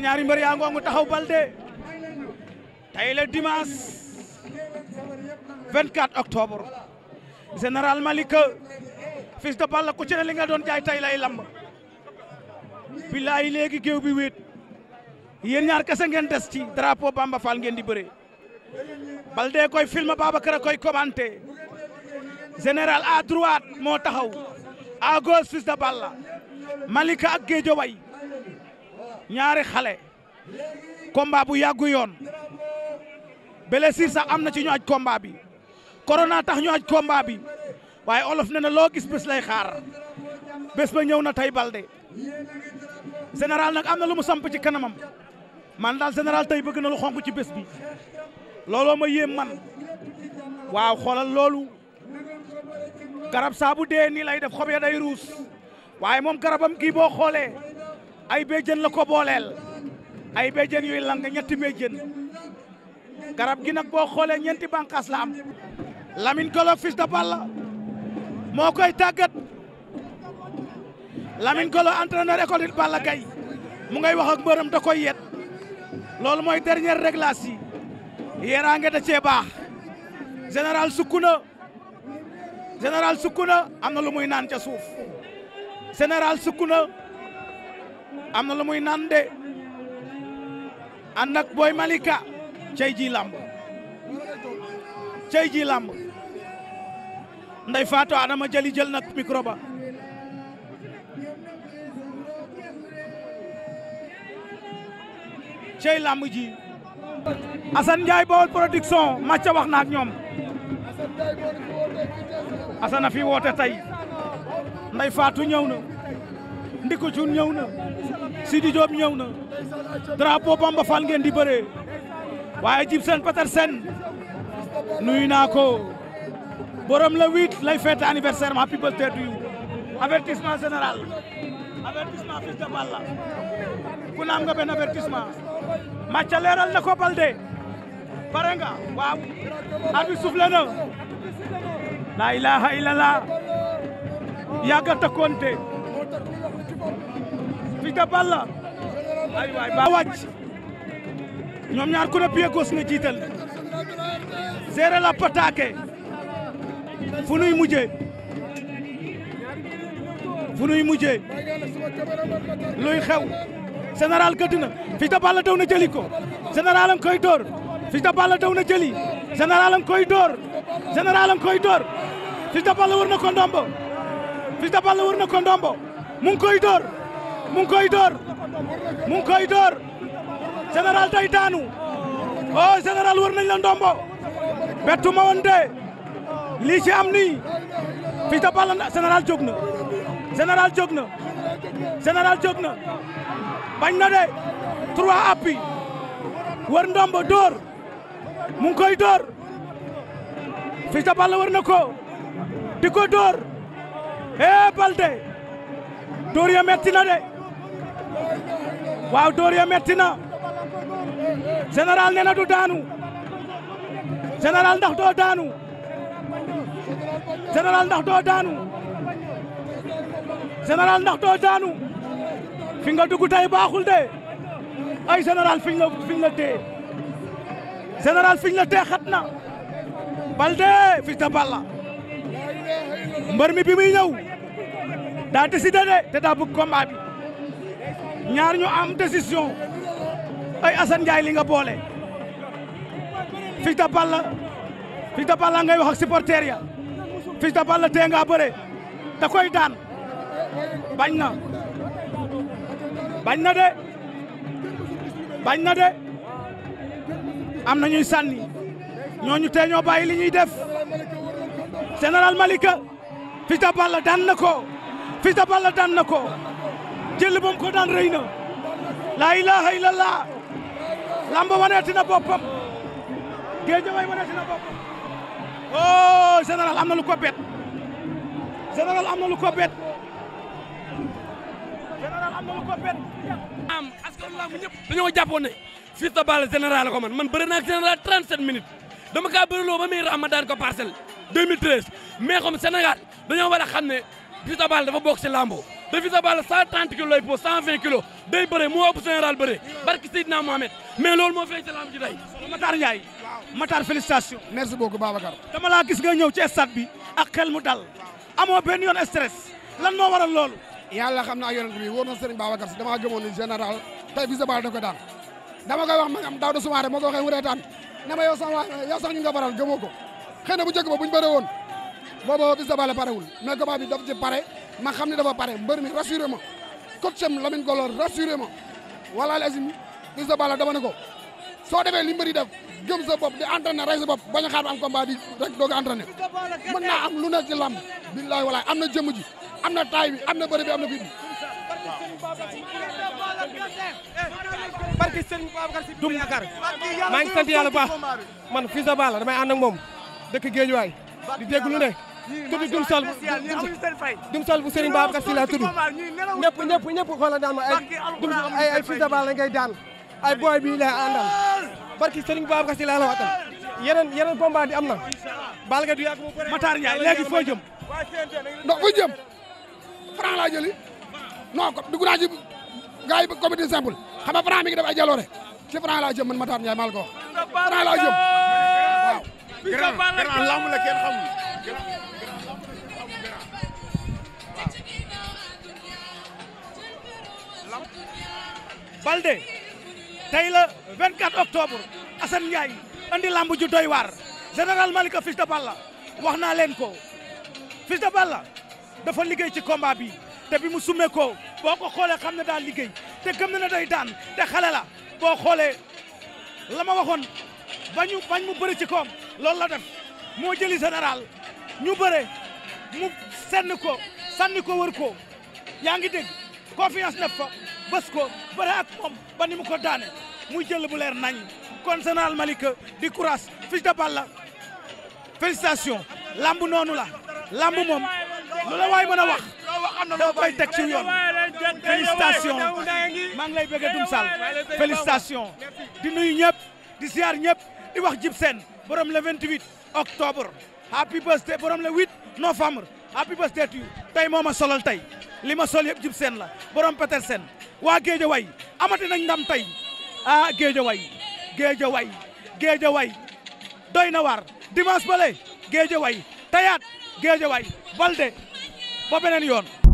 ndeysaan ñaari mbër yaa ngoongu taxaw Balde tey la dimanche 24 octobre général Malick Balla ku ci li nga doon jaay tey lay lamb bilaay léegi géew bi wéet yéen ñaar kese ngeen des ci drapeau Bamba Fall ngeen di bëre Balde koy filmer Babacar a koy commenté général à droite moo taxaw à gauche fils Balla Malika ak Géejo ñaari xale combat bu yàggu yoon blessure sax am na ci ñu aj combat bi corona tax ñu aj combat bi waaye olof ne na loo gis bés lay xaar bés ba ñëw na tey Baldé général nag am na lu mu samp ci kanamam man daal général tey bëgg na lu xonq ci bés bi looloo ma man waaw xoolal loolu garab saabu bu dee nii lay def xob ya day ruus waaye moom garabam kii boo xoolee ay béjjën la ko booleel ay béjjën yuy lang ñetti béjjën garab gi nag boo xoolee ñeenti bànqaas la am Lamine Kolo Fils de Balla moo koy tàggat Lamine Kolo entraîneur école it Balla Gaye mu ngay wax ak mbërëm da koy yet loolu mooy dernière réglage yi yeraange da cee baax général sukkuna général sukkuna am na lu muy naan ca suuf général am na lu muy naan de ànd ak Boy Malika cey ji làmb cay ji làmb nday Fatou Adama Jali jël nag micro ba cey làmb ji Assane Ndiaye Baol macca wax na ñoom Assane a fi woote tey nday Fatou ñëw na Ndickou Thioune ñëw na Sidi Diop ñëw na drapeau Bamba Fall ngeen di bëree waaye jib seen patar seen nuyu naa ko borom la huit lay fête anniversaire happy birthday to you avertissement général avertissement fils de Balla ku naam nga benn avertissement macca leeral na ko Balde pare nga waaw abi soufflé na la ilaha illallah yàgga takkoonte fils de Balla ay waay ba wàcc ñoom ñaar ku ne pied gauche jiital seere la pataake fu nuy mujjee fu luy xew général gëdd na fils na jëli ko général ang koy door fils de na jëli général ang koy door général ang koy door fils de na ko ndombo fils de Balla wër ko ndombo mu mu ngi koy door mu ngi koy door général day daanu oh général war la ndombo bettu ma woon de lii ci am fii ca balla général jóg na général jóg na général jóg na bañ na de trois appuis war ndombo door mu ngi koy door fii ca balla war na ko di ko door eh Balde door ya de waaw dóor ya metti na général nee na du daanu général ndax doo daanu général ndax daanu général ndax daanu fi nga dugg baaxul de ay général fiñ la fiñ la tee général fiñ bal de fi balla mbër mi bi ñëw daa décidé de te daa bëgg combat bi ñaar ñu am décision ay Assane li nga boole Fils de Balla Fils de Balla ngay wax ak supporter ya Fils de Balla tee nga bëre da koy daan bañ na bañ na de bañ na de am na ñuy sànni ñooñu teeñoo ñoo bàyyi li ñuy def général Malika Fils de Balla daan na ko Fils de Balla daan na ko jël moom ko daan rëy na laa ilaha illallah lamba waneeti na boppam géejawaay waneeti na boppam oh général am na lu ko bet général am na lu ko bet général am na lu ko bet ñëpp dañoo jàppoon ne Fils de Balla général ko man man bëri naa général 37 minutes dama kaa bëriloo ba am rama daan ko parcelle 2013 mais comme Sénégal dañoo war a xam ne Fils de Balla dafa bokk lambo Dafi sa Balla 130 kilos lay pos 120 kilos day bëre moo ëpp général bëre barki Seydina Mohamed mais loolu moo feeñ ci lamb ji day Matar Ndiaye Matar félicitation merci beaucoup Babacar dama laa gis nga ñëw ci stade bi ak xel mu dal amoo benn yoon stress lan moo waral loolu yàlla xam naa yonent bi wóor na Serigne Babacar si damaa gëmoon ni général tey Fils de Balla da koy daan dama koy wax magam Daouda Soumaré moo ko waxee mu reetaan ne ma yow bi ma xam ne dafa pare mbër mi rassuré ma coach am Lamine Golor rassuré ma wala lazim Fils de Balla dama ne ko soo defee li mbëri def gëm sa bopp di entraîné rey sa bopp bañ a xaar am combat di rek doog a entraîné mën naa am lu nekk ci làmb billaay walaay am na jëmm ji am na taay bi am na bëre bi am na fit bi barke Serigne Babacar Si Dumkar maa ngi sant yàlla man Fils de Balla damay ànd ak moom dëkk Géejuwaay di dégg lu ne tudd Dum Sall Dum Sall bu Serigne Babacar Sy laa tudd daan ma ay Dum ay ay Fils de Balla ngay daan ay booy bii lay àndal barki Serigne Babacar Sy laa la waxtaan yeneen yeneen combat di am na Balla Gaye du yàgg mu bëre Matar Ndiaye léegi foo jëm ndox fu laa jëli non dugg naa ci gars yi comité simple xam nga Franc mi ngi def ay jaloore ci Franc laa jëm man Matar Ndiaye maa ko wax laa jëm Balde tey la 24 octobre Assane Ndiaye andi lamb ju doy waar général Malika Fils Balla wax naa leen ko Fils de Balla dafa liggéey ci combat bi te bi mu summee ko boo ko xoolee xam ne daa liggéey te gëm na ne day daan te xale la boo xoolee la ma waxoon bañu bañ mu bëri ci koom loolu la def moo jëli général ñu bëre mu senn ko sànni ko wër ko yaa ngi dégg confiance ne fa bës ko bëre ak moom ba ni mu ko daane mu jël bu leer nañ kon général Malika di courage Fils de Balla félicitation lamb noonu la lamb moom lu la waay mën a wax da koy teg ci yoon félicitation maa ngi lay bëgg a dum sal félicitation di nuyu ñëpp di siyaar ñëpp di wax jib seen borom le 28 octobre happy birthday borom le 8 novembre happy birthday to you tey moo ma solal tey li ma sol yëpp jib seen la borom Petersen waa Géejawaay amati nañ ndam tey ah Géejawaay Géejawaay Géejawaay doy na waar dimanche bale Géejawaay tayaat Géejawaay Balde ba beneen yoon